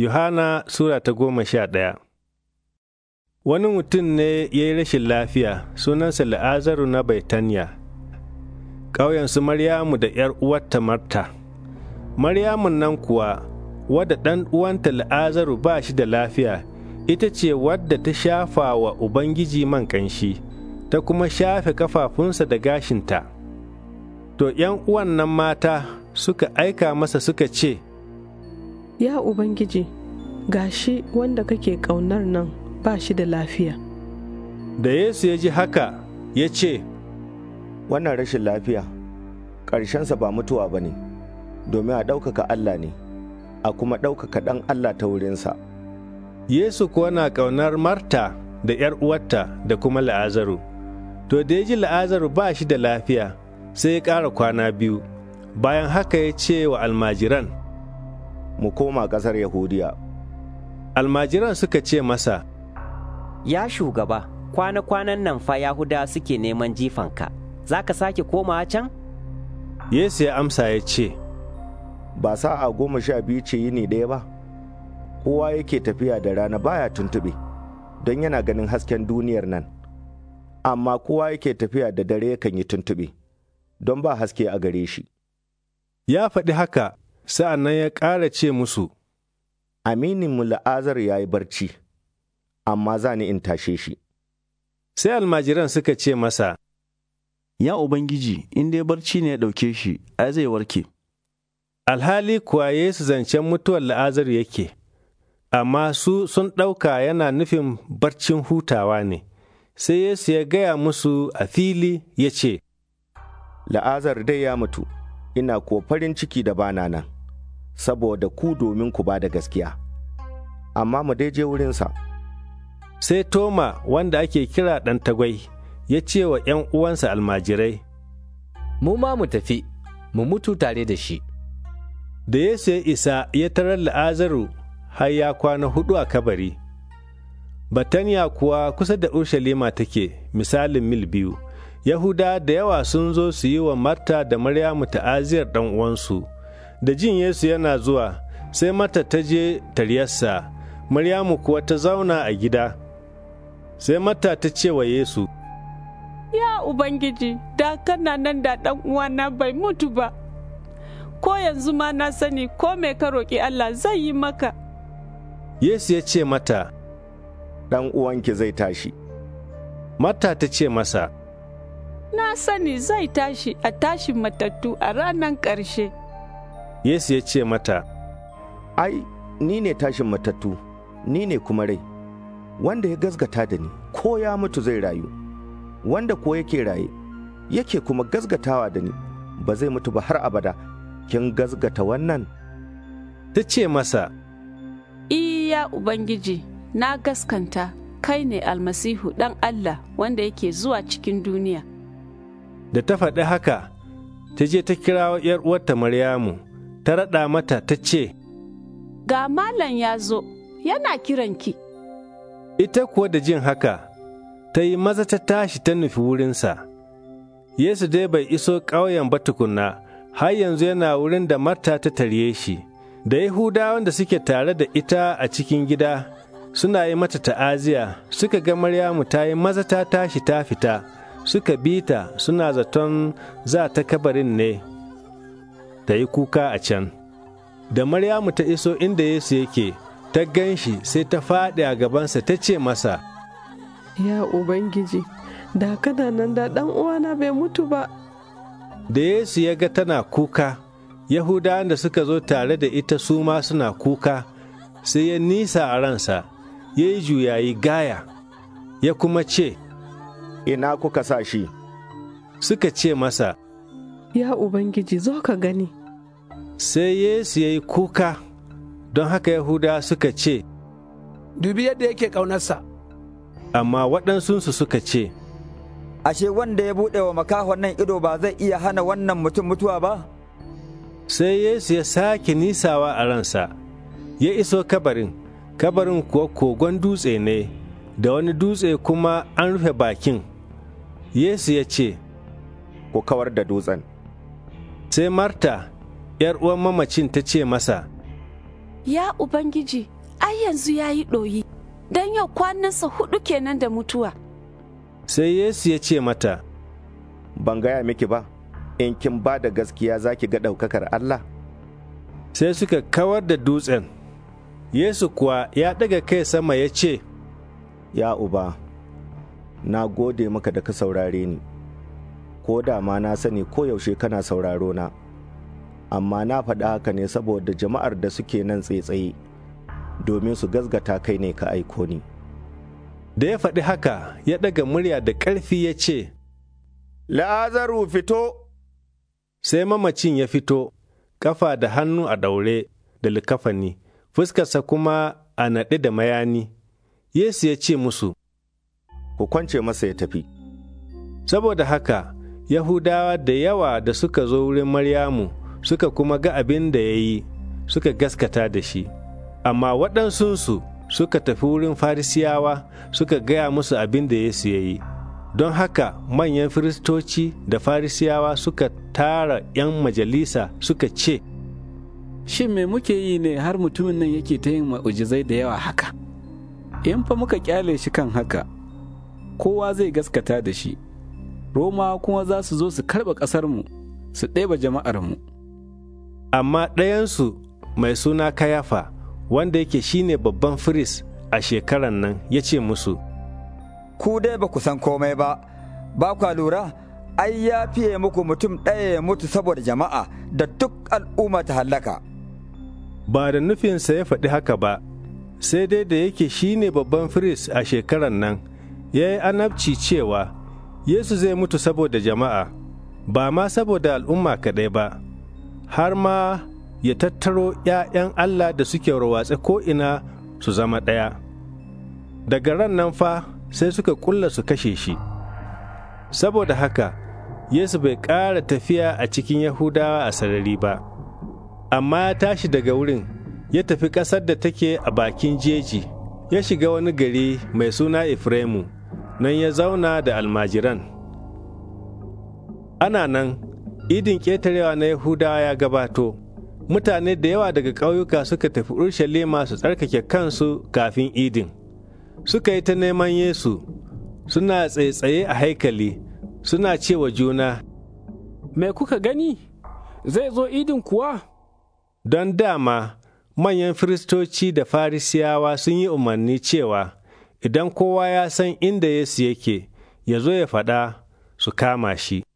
Yohana Sura ta goma sha ɗaya Wani mutum ne ya yi rashin lafiya sunansa la'azaru na Baitaniya, ƙauyensu Maryamu da ‘yar uwarta Marta. Maryamu nan kuwa, wadda ɗan uwanta la'azaru ba shi da lafiya, ita ce wadda ta shafa wa Ubangiji man ƙanshi, ta kuma shafe kafafunsa da gashinta. To, ‘yan uwan nan mata suka aika masa suka ce, ya ubangiji ga shi wanda kake ƙaunar nan ba shi da lafiya da yesu ya ji haka ya ce wannan rashin lafiya ƙarshensa ba mutuwa ba ne domin a ɗaukaka allah ne a kuma ɗaukaka ɗan allah ta wurinsa yesu kuwa na ƙaunar marta da ‘yar uwarta da kuma la'azaru to da ya ji la'azaru ba shi da lafiya sai ya ƙara kwana biyu bayan haka ya ce wa almajiran mu koma ƙasar Yahudiya. Almajiran suka ce masa, Ya shugaba, kwana-kwanan nan fa Yahuda suke neman jifanka, za ka sake koma can? Yesu ya amsa ya ce, Ba sa'a goma sha biyu ce yini ɗaya ba, kowa yake tafiya da rana baya tuntuɓe, don yana ganin hasken duniyar nan, amma kowa yake tafiya da dare kan yi tuntuɓe, don ba haske a gare shi. Ya faɗi haka sa'an nan ya ƙara ce musu, Amininmu la'azar ya yi barci, amma za ni in tashe shi. Sai almajiran suka ce masa, Ya Ubangiji, in dai barci ne ya ɗauke shi, ai zai warke. Alhali kuwa Yesu zancen mutuwar la'azar yake, amma su sun ɗauka yana nufin barcin hutawa ne. Sai Yesu ya gaya musu a fili ya ce, La'azar dai ya mutu. ina kuwa farin ciki da bana nan, saboda ku domin ku ba da gaskiya. Amma mu dai je wurinsa. Sai Toma wanda ake kira ɗan tagwai ya ce wa ‘yan uwansa almajirai, Mu ma mu tafi, mu mutu tare da shi. Da Yesu ya isa ya tarar la'azaru har ya kwana hudu a kabari. Batanya kuwa kusa da Urshalima take misalin mil biyu. Yahuda da yawa sun zo su yi wa Marta da Maryamu ta'aziyar ɗan uwansu. Da jin Yesu yana zuwa, sai Marta ta je taryarsa, Maryamu kuwa ta zauna a gida. Sai Marta ta ce wa Yesu, Ya Ubangiji, da kana nan da ɗan uwana bai mutu ba, ko yanzu ma na sani ko mai ka roƙi Allah zai yi maka. Yesu ya ce mata, Ɗan uwanki zai tashi. mata ta ce masa, na sani zai tashi a tashin matattu a ranar ƙarshe. Yesu ya ce mata, Ai, ni ne tashin matattu, ni ne kuma rai, wanda ya gazgata da ni, ko ya mutu zai rayu, wanda ko yake raye, yake kuma gazgatawa da ni, ba zai mutu ba har abada, kin gazgata wannan? Ta ce masa, Iya Ubangiji, na gaskanta, kai ne almasihu ɗan Allah wanda yake zuwa cikin duniya. da ta faɗi haka ta je ta kira ‘yar uwarta Maryamu, ta raɗa mata ta ce, Ga malam ya zo, yana kiranki. Ita kuwa da jin haka, ta yi maza ta tashi ta nufi wurinsa. Yesu dai bai iso ƙauyen ba tukunna, har yanzu yana wurin da Marta ta tarye shi, da Yahudawan da suke tare da ita a cikin gida, suna yi mata ta'aziya, suka ga Maryamu ta yi maza ta tashi ta fita. suka bi ta suna zaton za ta kabarin ne ta yi kuka a can da maryamu ta iso inda yesu yake ta gan shi sai ta faɗi a gabansa ta ce masa ya ubangiji da kana nan da ɗan uwana bai mutu ba da yesu ya ga tana kuka yahudawan da suka zo tare da ita su ma suna kuka sai ya nisa a ransa ya yi juyayi gaya ya kuma ce ina kuka sa shi? Suka ce masa, Ya Ubangiji, zo ka gani. Sai Yesu ya yi kuka, don haka Yahuda suka ce, Dubi yadda yake ƙaunarsa. Amma waɗansunsu suka ce, Ashe wanda ya buɗe wa makahon nan ido ba zai iya hana wannan mutum mutuwa ba? Sai Yesu ya sake nisawa a ransa, ya iso kabarin, kabarin kuwa kogon dutse ne, da wani dutse kuma an rufe bakin. Yesu ya ce, Ku kawar da dutsen. Sai Marta, ‘yar uwan mamacin ta ce masa, Ya Ubangiji, ai yanzu ya yi ɗoyi, don yau kwanansa huɗu kenan da mutuwa. Sai Yesu ya ce mata, Ban gaya miki ba, in kin ba da gaskiya za ki ga ɗaukakar Allah. Sai suka kawar da dutsen, Yesu kuwa ya ɗaga kai sama ya ce, Ya Uba, na gode maka da ka saurare ni, ko da ma na sani ko yaushe kana sauraro na, amma na faɗa haka ne saboda jama'ar da suke nan tsaye domin su gazgata kai ne ka aiko ni. Da ya faɗi haka ya ɗaga murya da ƙarfi ya ce, La'azaru fito! Sai mamacin ya fito, ƙafa da hannu a ɗaure da likafani, fuskarsa kuma a naɗe da mayani. Yesu ya ce musu, ku kwance masa ya tafi. Saboda haka, Yahudawa da yawa da suka zo wurin Maryamu suka kuma ga abin da ya yi suka gaskata da shi, amma waɗansunsu suka tafi wurin Farisiyawa suka gaya musu abin da Yesu ya yi. Don haka manyan firistoci da Farisiyawa suka tara ‘yan majalisa suka ce, Shin me muke yi ne har mutumin nan yake ta yin ma'ujizai da yawa haka? In fa muka kyale shi kan haka, kowa zai gaskata da shi Roma kuma za su zo su karɓa ƙasarmu su ɗeba jama'armu. Amma ɗayansu mai suna Kayafa wanda yake shine babban firis a shekaran nan ya ce musu, Ku dai ba ku san komai ba, ba kwa lura, ai ya fiye muku mutum ɗaya ya mutu saboda jama'a da duk al'umma ta hallaka. Ba da nufinsa ya faɗi haka ba, sai dai da yake shine babban firis a shekaran nan. ya yi anabci cewa Yesu zai mutu saboda jama'a, ba ma saboda al'umma kaɗai ba, har ma ya tattaro ‘ya'yan Allah da suke rawatsa ko'ina su zama ɗaya. Daga ran nan fa sai suka ƙulla su kashe shi. Saboda haka, Yesu bai ƙara tafiya a cikin Yahudawa a sarari ba, amma ya tashi daga wurin, ya tafi ƙasar da take a bakin jeji, ya shiga wani gari mai suna Efraimu. nan ya zauna da almajiran. Ana nan, idin ƙetarewa na Yahudawa ya gabato, mutane da yawa daga ƙauyuka suka tafi Urshalima su tsarkake kansu kafin idin. Suka yi ta neman Yesu, suna tsaye-tsaye a haikali, suna cewa juna, Me kuka gani? Zai zo idin kuwa? Don dama, manyan firistoci da farisiyawa sun yi umarni cewa, idan kowa ya san inda Yesu yake, ya zo ya faɗa su kama shi.